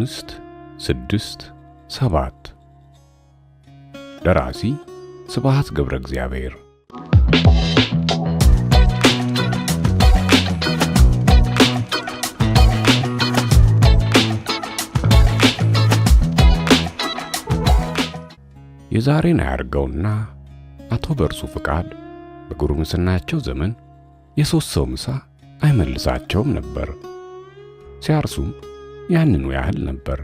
አምስት ስድስት ሰባት ደራሲ ስብሐት ገብረ እግዚአብሔር የዛሬን አያርገውና አቶ በርሱ ፍቃድ በጉርምስናቸው ዘመን የሶስት ሰው ምሳ አይመልሳቸውም ነበር። ሲያርሱም ያንኑ ያህል ነበር።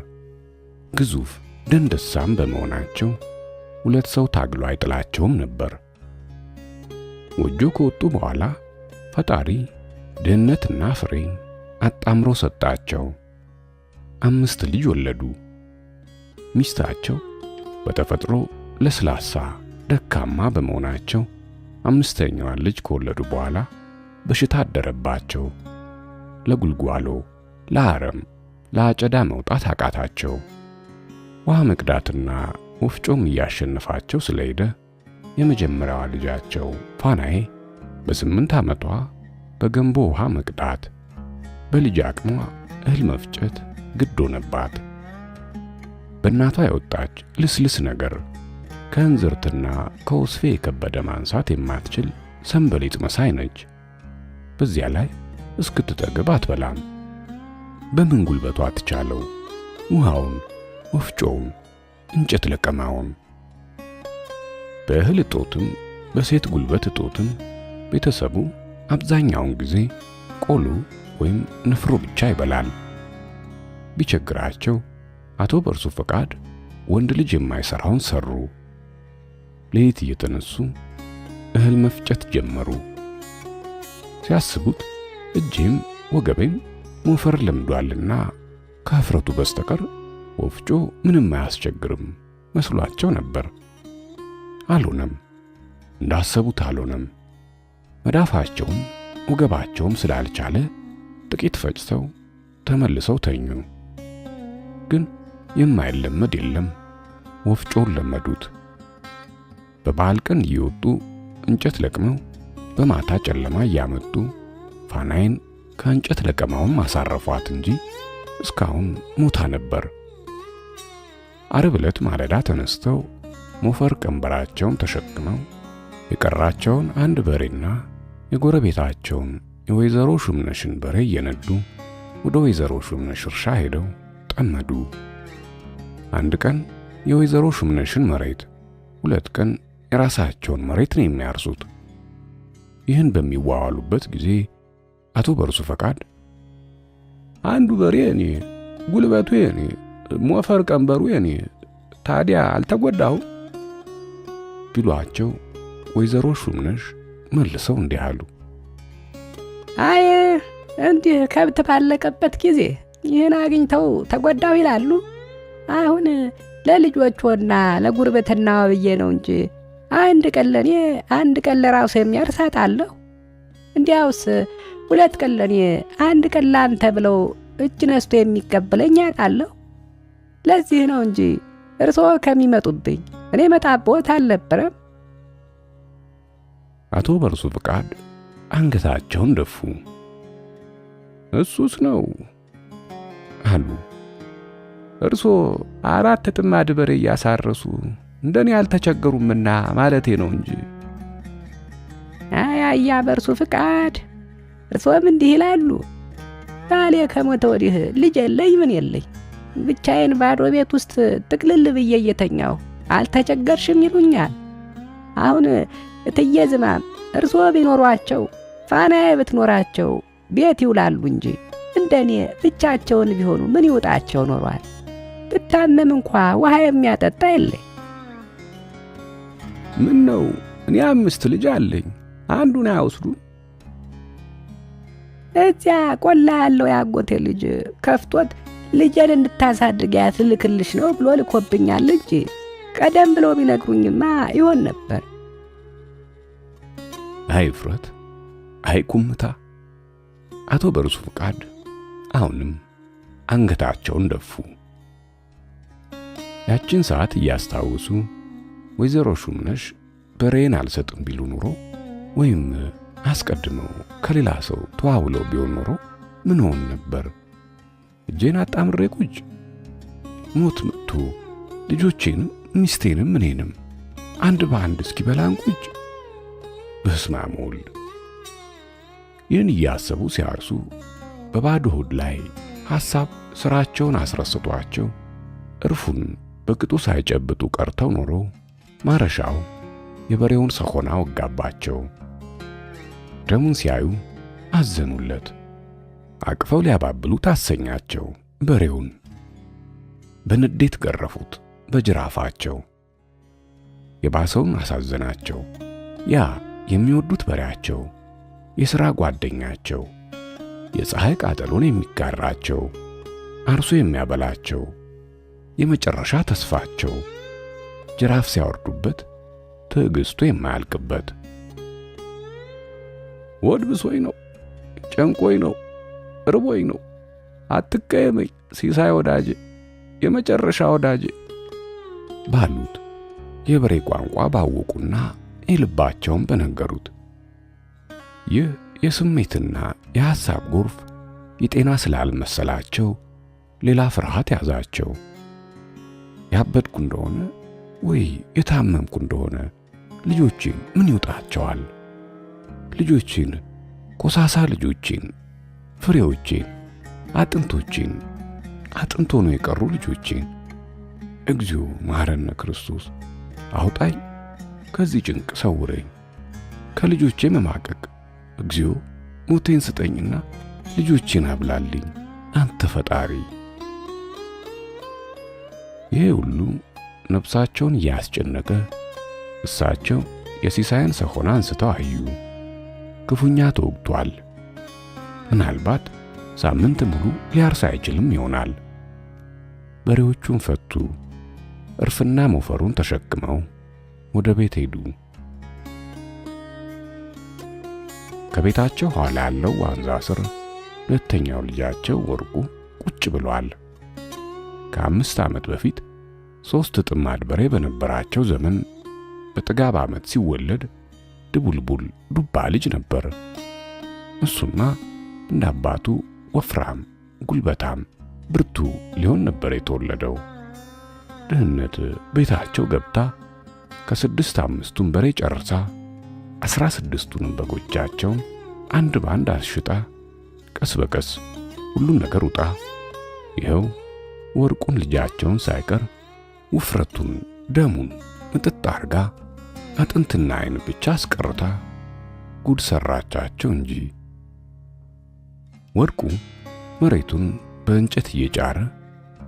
ግዙፍ ደንደሳም በመሆናቸው ሁለት ሰው ታግሎ አይጥላቸውም ነበር። ጎጆ ከወጡ በኋላ ፈጣሪ ድህነትና ፍሬ አጣምሮ ሰጣቸው። አምስት ልጅ ወለዱ። ሚስታቸው በተፈጥሮ ለስላሳ ደካማ በመሆናቸው አምስተኛዋን ልጅ ከወለዱ በኋላ በሽታ አደረባቸው። ለጉልጓሎ፣ ለአረም ለአጨዳ መውጣት አቃታቸው። ውሃ መቅዳትና ወፍጮም እያሸነፋቸው ስለሄደ የመጀመሪያዋ ልጃቸው ፋናዬ በስምንት ዓመቷ በገንቦ ውሃ መቅዳት በልጅ አቅሟ እህል መፍጨት ግድ ሆነባት። በእናቷ የወጣች ልስልስ ነገር ከእንዝርትና ከወስፌ የከበደ ማንሳት የማትችል ሰንበሊጥ መሳይ ነች። በዚያ ላይ እስክትጠግብ አትበላም። በምን ጉልበቷ አትቻለው? ውሃውን፣ ወፍጮውን፣ እንጨት ለቀማውን በእህል እጦትም በሴት ጉልበት እጦትም ቤተሰቡ አብዛኛውን ጊዜ ቆሎ ወይም ንፍሮ ብቻ ይበላል። ቢቸግራቸው አቶ በርሱ ፈቃድ ወንድ ልጅ የማይሰራውን ሰሩ። ሌሊት እየተነሱ እህል መፍጨት ጀመሩ። ሲያስቡት እጄም ወገቤም ሞፈር ለምዷልና ከህፍረቱ በስተቀር ወፍጮ ምንም አያስቸግርም መስሏቸው ነበር። አልሆነም። እንዳሰቡት አልሆነም። መዳፋቸውም ወገባቸውም ስላልቻለ ጥቂት ፈጭተው ተመልሰው ተኙ። ግን የማይለመድ የለም። ወፍጮውን ለመዱት። በበዓል ቀን እየወጡ እንጨት ለቅመው በማታ ጨለማ እያመጡ ፋናይን ከእንጨት ለቀማውም አሳረፏት እንጂ እስካሁን ሞታ ነበር። አርብ ዕለት ማለዳ ተነስተው ሞፈር ቀንበራቸውን ተሸክመው የቀራቸውን አንድ በሬና የጎረቤታቸውን የወይዘሮ ሹምነሽን በሬ እየነዱ ወደ ወይዘሮ ሹምነሽ እርሻ ሄደው ጠመዱ። አንድ ቀን የወይዘሮ ሹምነሽን መሬት፣ ሁለት ቀን የራሳቸውን መሬት ነው የሚያርሱት። ይህን በሚዋዋሉበት ጊዜ አቶ በርሱ ፈቃድ አንዱ በሬ እኔ፣ ጉልበቱ የኔ፣ ሞፈር ቀንበሩ የኔ፣ ታዲያ አልተጎዳሁ ቢሏቸው ወይዘሮ ሹምነሽ መልሰው እንዲህ አሉ። አይ እንዲህ ከብት ባለቀበት ጊዜ ይህን አግኝተው ተጎዳሁ ይላሉ። አሁን ለልጆችና ለጉርብትናዋ ብዬ ነው እንጂ አንድ ቀን ለእኔ አንድ ቀን ለራሱ የሚያርሳት አለሁ እንዲያውስ ሁለት ቀን ለእኔ አንድ ቀን ላንተ ብለው እጅ ነስቶ የሚቀበለኝ አውቃለሁ። ለዚህ ነው እንጂ እርስዎ ከሚመጡብኝ እኔ መጣቦት አልነበረም። አቶ በርሱ ፍቃድ አንገታቸውን ደፉ። እሱስ ነው አሉ። እርሶ አራት ጥማድ በሬ እያሳረሱ እንደኔ አልተቸገሩምና ማለቴ ነው እንጂ አያያ በእርሱ ፍቃድ እርሶም እንዲህ ይላሉ። ባሌ ከሞተ ወዲህ ልጅ የለኝ ምን የለኝ ብቻዬን ባዶ ቤት ውስጥ ጥቅልል ብዬ እየተኛሁ አልተቸገርሽም ይሉኛል። አሁን እትዬ ዝማም እርሶ ቢኖሯቸው ፋናዬ ብትኖራቸው ቤት ይውላሉ እንጂ እንደኔ ብቻቸውን ቢሆኑ ምን ይውጣቸው ኖሯል። ብታመም እንኳ ውሃ የሚያጠጣ የለኝ። ምን ነው እኔ አምስት ልጅ አለኝ። አንዱን አያወስዱ። እዚያ ቆላ ያለው ያጎቴ ልጅ ከፍቶት ልጄን እንድታሳድግ ያትልክልሽ ነው ብሎ ልኮብኛል እንጂ ቀደም ብሎ ቢነግሩኝማ ይሆን ነበር። አይ እፍረት፣ አይ ቁምታ። አቶ በርሱ ፍቃድ አሁንም አንገታቸውን ደፉ። ያችን ሰዓት እያስታወሱ ወይዘሮ ሹምነሽ በሬን አልሰጥም ቢሉ ኑሮ ወይም አስቀድመው ከሌላ ሰው ተዋውለው ቢሆን ኖሮ ምን ሆን ነበር? እጄን አጣምሬ ቁጭ ሞት መጥቶ ልጆቼንም ሚስቴንም እኔንም አንድ በአንድ እስኪበላን ቁጭ። በስመ ይህን እያሰቡ ሲያርሱ በባዶ ሆድ ላይ ሐሳብ ሥራቸውን አስረስቷቸው እርፉን በቅጡ ሳይጨብጡ ቀርተው ኖሮ ማረሻው የበሬውን ሰኮና ወጋባቸው። ደሙን ሲያዩ አዘኑለት። አቅፈው ሊያባብሉ ታሰኛቸው። በሬውን በንዴት ገረፉት በጅራፋቸው። የባሰውን አሳዘናቸው። ያ የሚወዱት በሬያቸው፣ የሥራ ጓደኛቸው፣ የፀሐይ ቃጠሎን የሚጋራቸው፣ አርሶ የሚያበላቸው፣ የመጨረሻ ተስፋቸው ጅራፍ ሲያወርዱበት ትዕግሥቱ የማያልቅበት ወድ ብሶኝ ነው፣ ጨንቆኝ ነው፣ እርቦኝ ነው። አትቀየመኝ ሲሳይ ወዳጄ፣ የመጨረሻ ወዳጄ ባሉት የብሬ ቋንቋ ባወቁና የልባቸውን በነገሩት። ይህ የስሜትና የሐሳብ ጎርፍ የጤና ስላልመሰላቸው ሌላ ፍርሃት ያዛቸው። ያበድኩ እንደሆነ ወይ የታመምኩ እንደሆነ ልጆቼ ምን ይውጣቸዋል? ልጆችን፣ ቆሳሳ ልጆችን፣ ፍሬዎችን፣ አጥንቶችን አጥንቶ ነው የቀሩ ልጆችን እግዚኦ ማረነ ክርስቶስ አውጣኝ፣ ከዚህ ጭንቅ ሰውረኝ፣ ከልጆቼ መማቀቅ እግዚኦ ሞቴን ስጠኝና ልጆችን አብላልኝ አንተ ፈጣሪ። ይሄ ሁሉ ነፍሳቸውን እያስጨነቀ እሳቸው የሲሳይን ሰሆን አንስተው አዩ። ክፉኛ ተወግቷል። ምናልባት ሳምንት ሙሉ ሊያርስ አይችልም ይሆናል። በሬዎቹን ፈቱ፣ እርፍና ሞፈሩን ተሸክመው ወደ ቤት ሄዱ። ከቤታቸው ኋላ ያለው ዋንዛ ስር ሁለተኛው ልጃቸው ወርቁ ቁጭ ብሏል። ከአምስት ዓመት በፊት ሦስት ጥማድ በሬ በነበራቸው ዘመን በጥጋብ ዓመት ሲወለድ ድቡልቡል ዱባ ልጅ ነበር። እሱማ እንደ አባቱ ወፍራም፣ ጉልበታም፣ ብርቱ ሊሆን ነበር የተወለደው። ድህነት ቤታቸው ገብታ ከስድስት አምስቱን በሬ ጨርሳ አስራ ስድስቱንም በጎቻቸውን አንድ በአንድ አስሽጣ ቀስ በቀስ ሁሉን ነገር ውጣ ይኸው ወርቁን ልጃቸውን ሳይቀር ውፍረቱን ደሙን ምጥጥ አርጋ አጥንትና አይን ብቻ አስቀርታ ጉድ ሰራቻቸው እንጂ። ወርቁ መሬቱን በእንጨት እየጫረ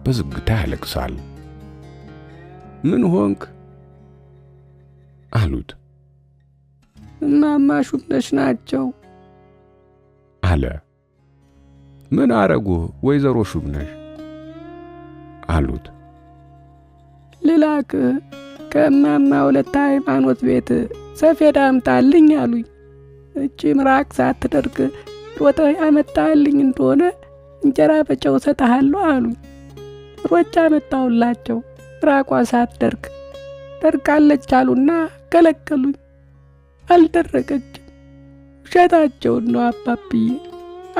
በዝግታ ያለቅሳል። ምን ሆንክ አሉት። እማማ ሹምነሽ ናቸው አለ። ምን አረጉ ወይዘሮ ሹምነሽ አሉት። ልላክ ከእማማ ሁለት ሃይማኖት ቤት ሰፌድ አምጣልኝ አሉኝ። እጭ ምራቅ ሳትደርቅ ሮጠ ያመጣልኝ እንደሆነ እንጀራ በጨው ሰጠሃለሁ አሉኝ። ሮጫ አመጣሁላቸው። ምራቋ ሳትደርቅ ደርቃለች አሉና ከለከሉኝ። አልደረቀችም። ውሸታቸውን ነው አባብዬ፣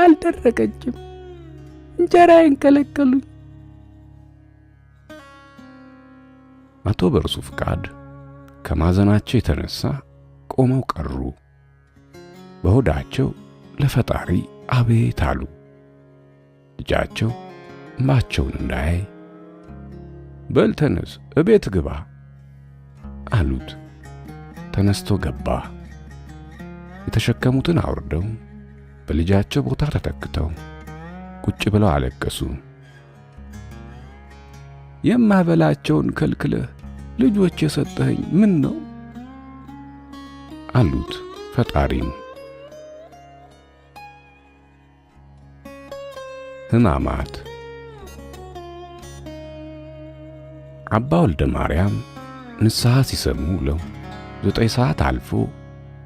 አልደረቀችም። እንጀራዬን ከለከሉኝ። አቶ በርሱ ፍቃድ ከማዘናቸው የተነሳ ቆመው ቀሩ። በሆዳቸው ለፈጣሪ አቤት አሉ። ልጃቸው እምባቸውን እንዳያይ በል ተነስ፣ እቤት ግባ አሉት። ተነስቶ ገባ። የተሸከሙትን አውርደው በልጃቸው ቦታ ተተክተው ቁጭ ብለው አለቀሱ። የማበላቸውን ከልክለህ ልጆች የሰጠኸኝ ምን ነው አሉት ፈጣሪን ህማማት አባ ወልደ ማርያም ንስሐ ሲሰሙ ለው ዘጠኝ ሰዓት አልፎ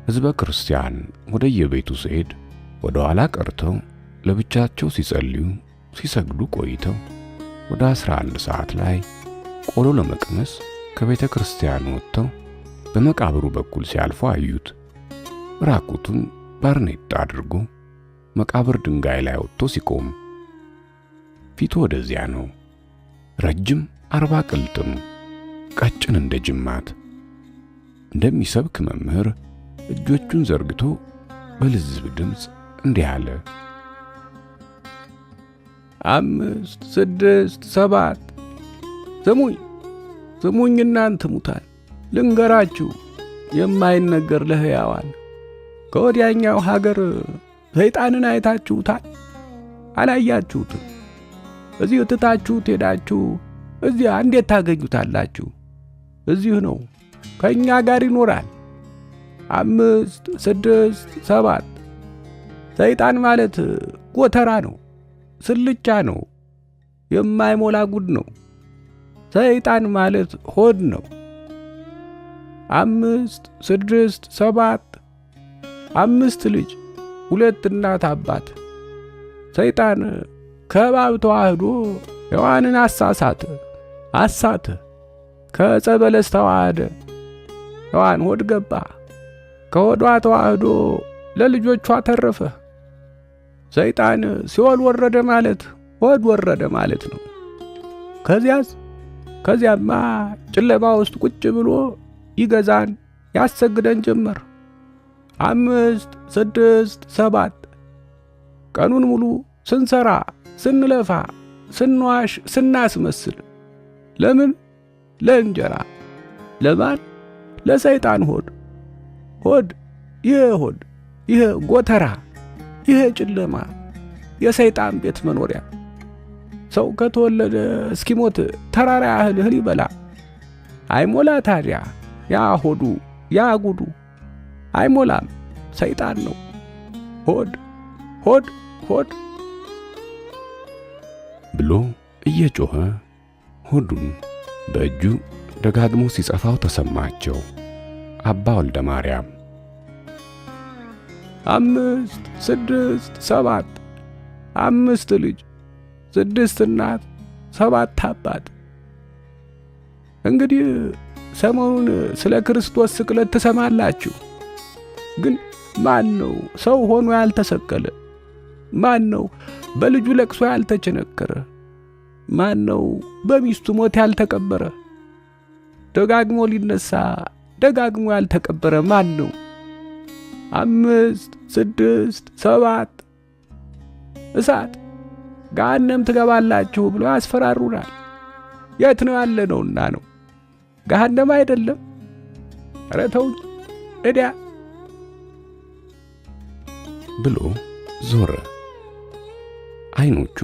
ሕዝበ ክርስቲያን ወደ የቤቱ ሲሄድ ወደ ኋላ ቀርተው ለብቻቸው ሲጸልዩ ሲሰግዱ ቆይተው ወደ ዐሥራ አንድ ሰዓት ላይ ቆሎ ለመቅመስ ከቤተ ክርስቲያን ወጥተው በመቃብሩ በኩል ሲያልፉ አዩት። ራቁቱን ባርኔጣ አድርጎ መቃብር ድንጋይ ላይ ወጥቶ ሲቆም ፊቱ ወደዚያ ነው። ረጅም አርባ ቅልጥም ቀጭን እንደ ጅማት እንደሚሰብክ መምህር እጆቹን ዘርግቶ በልዝብ ድምፅ እንዲህ አለ። አምስት፣ ስድስት፣ ሰባት ስሙኝ ስሙኝ እናንት ሙታን፣ ልንገራችሁ የማይነገር ለሕያዋን። ከወዲያኛው ሀገር ሰይጣንን አይታችሁታል? አላያችሁትም? እዚህ ትታችሁት ሄዳችሁ እዚያ እንዴት ታገኙታላችሁ? እዚህ ነው፣ ከእኛ ጋር ይኖራል። አምስት ስድስት ሰባት ሰይጣን ማለት ጎተራ ነው፣ ስልቻ ነው፣ የማይሞላ ጉድ ነው። ሰይጣን ማለት ሆድ ነው። አምስት ስድስት ሰባት አምስት ልጅ ሁለት እናት አባት። ሰይጣን ከባብ ተዋህዶ ሔዋንን አሳሳት አሳት ከዕፀ በለስ ተዋህደ ሔዋን ሆድ ገባ። ከሆዷ ተዋህዶ ለልጆቿ ተረፈ። ሰይጣን ሲኦል ወረደ ማለት ሆድ ወረደ ማለት ነው። ከዚያስ ከዚያማ ጨለማ ውስጥ ቁጭ ብሎ ይገዛን ያሰግደን ጀመር። አምስት፣ ስድስት፣ ሰባት ቀኑን ሙሉ ስንሰራ፣ ስንለፋ፣ ስንዋሽ፣ ስናስመስል ለምን? ለእንጀራ። ለማን? ለሰይጣን ሆድ። ሆድ ይሄ ሆድ ይሄ ጎተራ ይሄ ጨለማ የሰይጣን ቤት መኖሪያ ሰው ከተወለደ እስኪሞት ተራራ ያህል እህል ይበላ አይሞላ። ታዲያ ያ ሆዱ ያ ጉዱ አይሞላም። ሰይጣን ነው። ሆድ ሆድ ሆድ ብሎ እየጮኸ ሆዱን በእጁ ደጋግሞ ሲጸፋው ተሰማቸው። አባ ወልደ ማርያም አምስት ስድስት ሰባት አምስት ልጅ ስድስት እናት፣ ሰባት አባት። እንግዲህ ሰሞኑን ስለ ክርስቶስ ስቅለት ትሰማላችሁ። ግን ማን ነው ሰው ሆኖ ያልተሰቀለ? ማን ነው በልጁ ለቅሶ ያልተቸነከረ? ማን ነው በሚስቱ ሞት ያልተቀበረ? ደጋግሞ ሊነሳ ደጋግሞ ያልተቀበረ ማን ነው? አምስት፣ ስድስት፣ ሰባት እሳት ገሃነም ትገባላችሁ ብሎ ያስፈራሩናል። የት ነው ያለ ነውና ነው ገሃነም አይደለም። ኧረ ተውኝ እዲያ ብሎ ዞረ። አይኖቹ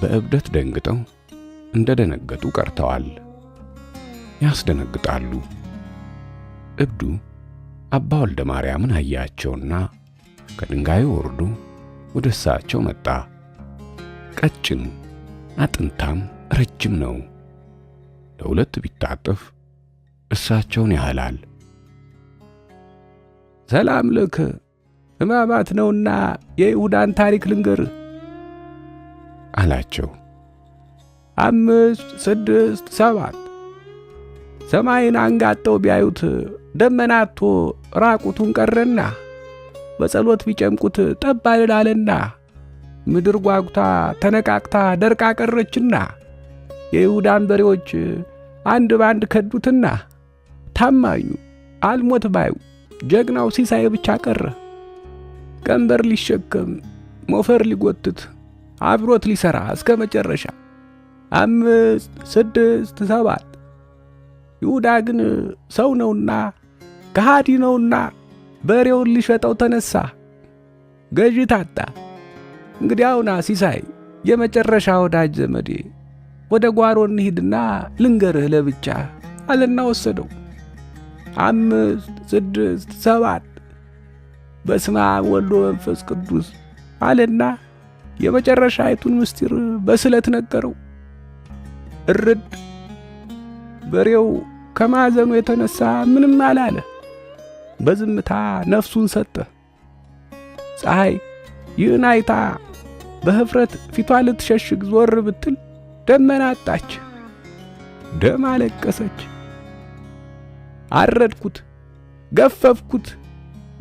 በእብደት ደንግጠው እንደ ደነገጡ ቀርተዋል። ያስደነግጣሉ። እብዱ አባ ወልደ ማርያምን አያቸውና ከድንጋዩ ወርዶ ወደ እሳቸው መጣ። ቀጭን፣ አጥንታም ረጅም ነው። ለሁለት ቢታጠፍ እሳቸውን ያህላል። ሰላም ልክ ሕማማት ነውና የይሁዳን ታሪክ ልንገር አላቸው። አምስት ስድስት ሰባት ሰማይን አንጋጠው ቢያዩት ደመናቶ ራቁቱን ቀረና በጸሎት ቢጨምቁት ጠባልላለና ምድር ጓጉታ ተነቃቅታ ደርቃ ቀረችና የይሁዳን በሬዎች አንድ በአንድ ከዱትና ታማኙ አልሞት ባዩ ጀግናው ሲሳይ ብቻ ቀረ። ቀንበር ሊሸከም ሞፈር ሊጎትት አብሮት ሊሰራ እስከ መጨረሻ አምስት ስድስት ሰባት። ይሁዳ ግን ሰው ነውና ከሃዲ ነውና በሬውን ሊሸጠው ተነሳ። ገዢ ታጣ። እንግዲያውና ሲሳይ የመጨረሻ ወዳጅ ዘመዴ ወደ ጓሮ እንሂድና ልንገርህ ለብቻ አለና ወሰደው። አምስት ስድስት ሰባት በስመ አብ ወልድ መንፈስ ቅዱስ አለና የመጨረሻ አይቱን ምስጢር በስለት ነገረው። እርድ በሬው ከማዘኑ የተነሳ ምንም አላለ። በዝምታ ነፍሱን ሰጠ። ፀሐይ ይህን አይታ በህፍረት ፊቷ ልትሸሽግ ዞር ብትል ደመና አጣች። ደም አለቀሰች። አረድኩት፣ ገፈፍኩት፣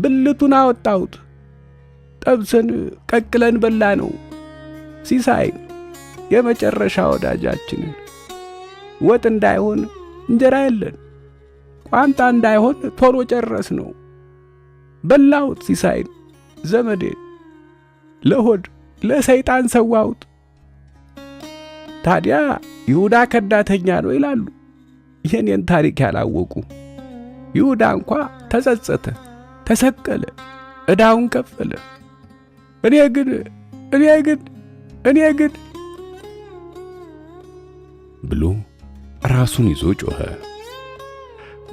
ብልቱን አወጣሁት። ጠብሰን ቀቅለን በላ ነው ሲሳይን የመጨረሻ ወዳጃችንን። ወጥ እንዳይሆን እንጀራ የለን፣ ቋንጣ እንዳይሆን ቶሎ ጨረስ ነው። በላሁት ሲሳይን ዘመዴን ለሆድ ለሰይጣን ሰዋሁት። ታዲያ ይሁዳ ከዳተኛ ነው ይላሉ የኔን ታሪክ ያላወቁ። ይሁዳ እንኳ ተጸጸተ፣ ተሰቀለ፣ ዕዳውን ከፈለ። እኔ ግን እኔ ግን እኔ ግን ብሎ ራሱን ይዞ ጮኸ።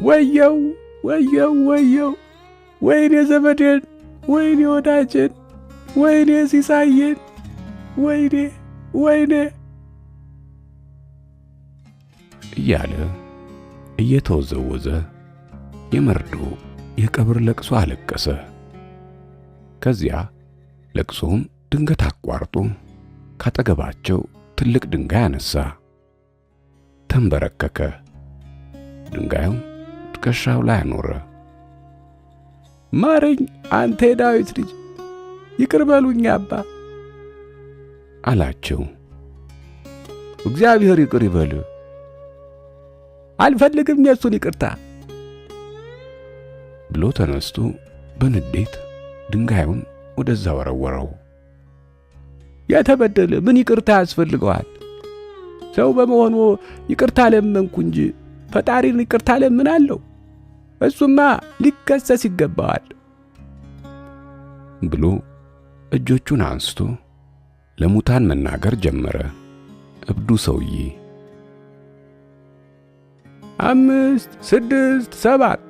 ወየው ወየው ወየው! ወይኔ ዘመዴን፣ ወይኔ ወዳጄን ወይኔ ሲሳየን፣ ወይኔ ወይኔ እያለ እየተወዘወዘ የመርዶ የቀብር ለቅሶ አለቀሰ። ከዚያ ለቅሶም ድንገት አቋርጦ ካጠገባቸው ትልቅ ድንጋይ አነሳ፣ ተንበረከከ፣ ድንጋዩም ትከሻው ላይ አኖረ። ማረኝ አንተ የዳዊት ልጅ ይቅር በሉኝ አባ አላቸው። እግዚአብሔር ይቅር ይበል። አልፈልግም የእሱን ይቅርታ ብሎ ተነስቶ በንዴት ድንጋዩን ወደዛ ወረወረው። የተበደለ ምን ይቅርታ ያስፈልገዋል? ሰው በመሆኑ ይቅርታ ለመንኩ እንጂ ፈጣሪን ይቅርታ ለምን አለው? እሱማ ሊከሰስ ይገባዋል ብሎ እጆቹን አንስቶ ለሙታን መናገር ጀመረ። እብዱ ሰውዬ አምስት፣ ስድስት፣ ሰባት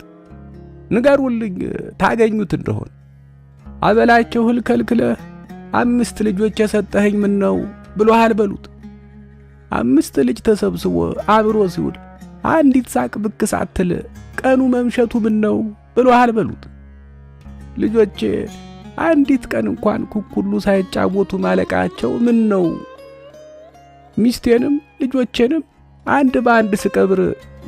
ንገሩልኝ ታገኙት እንደሆን አበላቸው እህል ከልክለህ አምስት ልጆች የሰጠኸኝ ምን ነው ብሎሃል በሉት። አምስት ልጅ ተሰብስቦ አብሮ ሲውል አንዲት ሳቅ ብቅ ሳትል ቀኑ መምሸቱ ምን ነው ብሎሃል በሉት። ልጆቼ አንዲት ቀን እንኳን ኩኩሉ ሳይጫወቱ ማለቃቸው ምን ነው? ሚስቴንም ልጆቼንም አንድ በአንድ ስቀብር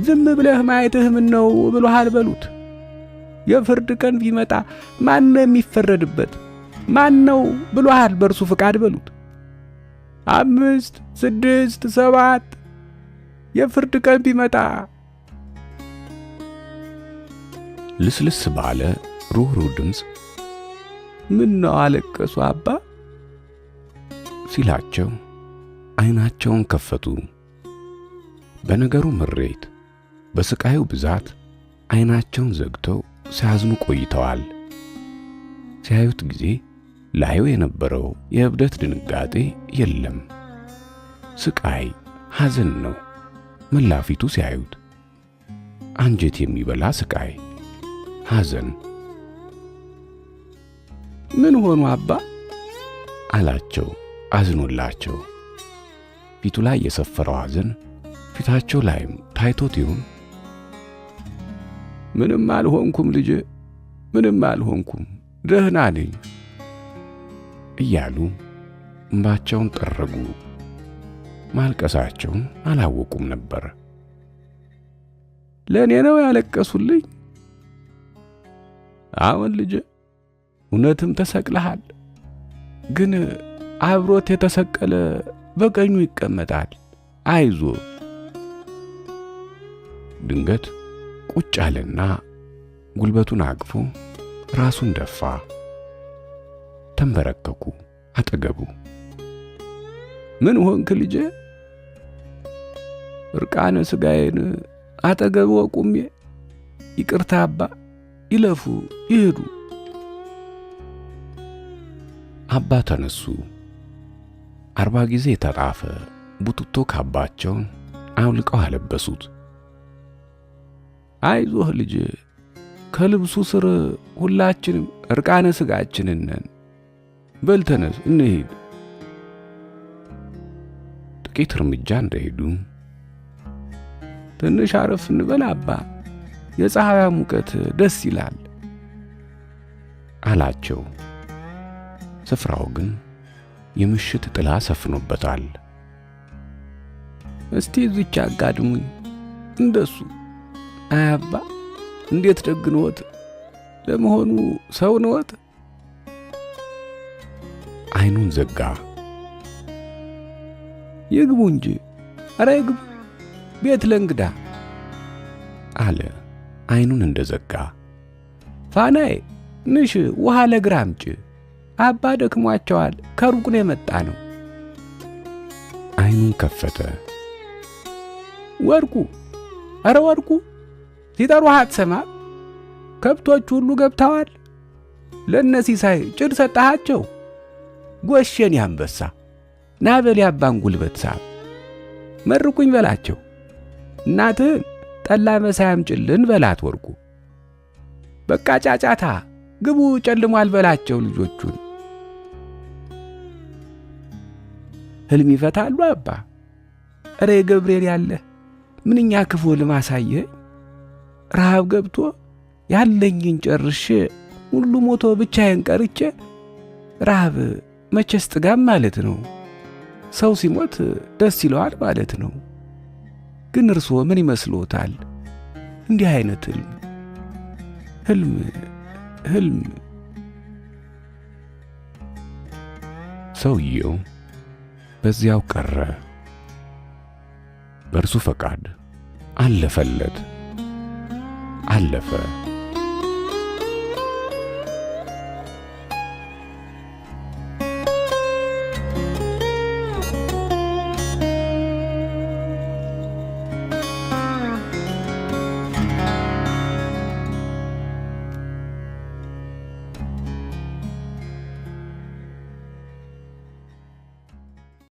ዝም ብለህ ማየትህ ምን ነው ብሎሃል በሉት። የፍርድ ቀን ቢመጣ ማን ነው የሚፈረድበት? ማን ነው ብሎሃል በእርሱ ፍቃድ በሉት። አምስት ስድስት ሰባት የፍርድ ቀን ቢመጣ ልስልስ ባለ ሩህሩህ ድምፅ ምነው አለቀሱ አባ ሲላቸው አይናቸውን ከፈቱ። በነገሩ ምሬት፣ በስቃዩ ብዛት አይናቸውን ዘግተው ሲያዝኑ ቆይተዋል። ሲያዩት ጊዜ ላዩ የነበረው የእብደት ድንጋጤ የለም። ስቃይ፣ ሐዘን ነው መላፊቱ ሲያዩት አንጀት የሚበላ ስቃይ፣ ሐዘን ምን ሆኑ አባ አላቸው አዝኖላቸው። ፊቱ ላይ የሰፈረው አዘን ፊታቸው ላይም ታይቶት ይሁን ምንም አልሆንኩም ልጅ ምንም አልሆንኩም ደህና ነኝ እያሉ እምባቸውን ጠረጉ። ማልቀሳቸውን አላወቁም ነበር። ለእኔ ነው ያለቀሱልኝ? አሁን ልጄ እውነትም ተሰቅለሃል፣ ግን አብሮት የተሰቀለ በቀኙ ይቀመጣል፣ አይዞ። ድንገት ቁጭ አለና ጉልበቱን አቅፎ ራሱን ደፋ። ተንበረከኩ አጠገቡ። ምን ሆንክ ልጄ? እርቃነ ስጋዬን አጠገቡ ወቁሜ፣ ይቅርታ አባ፣ ይለፉ ይሄዱ አባ ተነሱ አርባ ጊዜ ተጣፈ። ቡትቶ ካባቸውን አውልቀው አለበሱት። አይዞህ ልጅ፣ ከልብሱ ስር ሁላችንም እርቃነ ስጋችን ነን። በል ተነስ እንሂድ። ጥቂት እርምጃ እንደሄዱ ትንሽ አረፍ እንበል አባ፣ የፀሐያ ሙቀት ደስ ይላል አላቸው። ስፍራው ግን የምሽት ጥላ ሰፍኖበታል። እስቲ እዚች አጋድሙኝ እንደሱ አያባ እንዴት ደግንዎት ለመሆኑ ሰው ነዎት? አይኑን ዘጋ። ይግቡ እንጂ አረ ይግቡ ቤት ለእንግዳ አለ አይኑን እንደዘጋ። ፋናዬ ንሽ ውሃ ለግራምጭ አባ ደክሟቸዋል፣ ከሩቅ ነው የመጣ ነው። አይኑን ከፈተ። ወርቁ፣ አረ ወርቁ ሲጠሩህ አትሰማም? ከብቶቹ ሁሉ ገብተዋል። ለእነዚህ ሳይ ጭድ ሰጠሃቸው? ጎሸን ያንበሳ ናበል ያባን ጉልበት ሳብ መርቁኝ በላቸው። እናትህን ጠላ መሳይ ጭልን በላት ወርቁ። በቃ ጫጫታ ግቡ ጨልሟል በላቸው ልጆቹን። ህልም ይፈታሉ አባ። እረ ገብርኤል ያለ ምንኛ ክፉ ህልም አሳየኸኝ። ረሃብ ገብቶ ያለኝን ጨርሽ ሁሉ ሞቶ ብቻዬን ቀርቼ ረሃብ መቼስ ጥጋም ማለት ነው። ሰው ሲሞት ደስ ይለዋል ማለት ነው። ግን እርስዎ ምን ይመስልዎታል? እንዲህ አይነት ህልም ህልም ህልም ሰውየው በዚያው ቀረ። በእርሱ ፈቃድ አለፈለት፣ አለፈ።